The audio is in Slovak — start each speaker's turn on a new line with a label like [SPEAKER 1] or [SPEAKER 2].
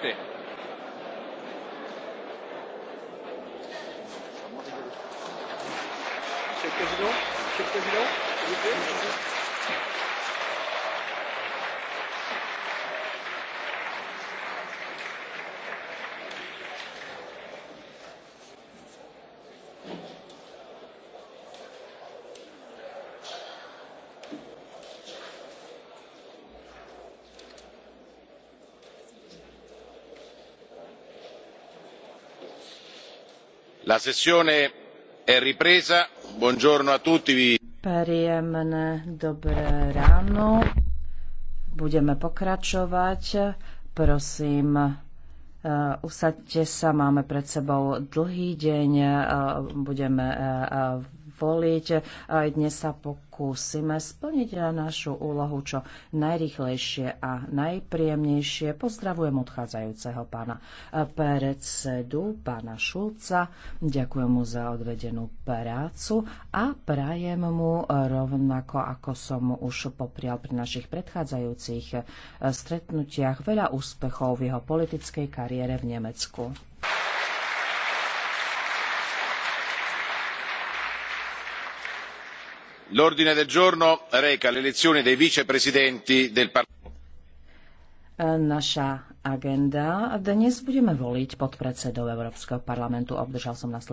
[SPEAKER 1] Corte. Monsieur le Président, Monsieur le Président, s'il vous plaît. la sessione è ripresa buongiorno a tutti
[SPEAKER 2] Príjemné dobré ráno. Budeme pokračovať. Prosím, eh, usaďte sa, máme pred sebou dlhý deň, eh, budeme eh, voliť. Aj dnes sa pokúsime splniť na našu úlohu čo najrychlejšie a najpríjemnejšie. Pozdravujem odchádzajúceho pána predsedu, pána Šulca. Ďakujem mu za odvedenú prácu a prajem mu rovnako, ako som mu už poprial pri našich predchádzajúcich stretnutiach, veľa úspechov v jeho politickej kariére v Nemecku.
[SPEAKER 1] l'ordine del giorno reca l'elezione dei vicepresidenti del
[SPEAKER 2] Naša agenda. Dnes budeme voliť podpredsedov Európskeho parlamentu. Obdržal som na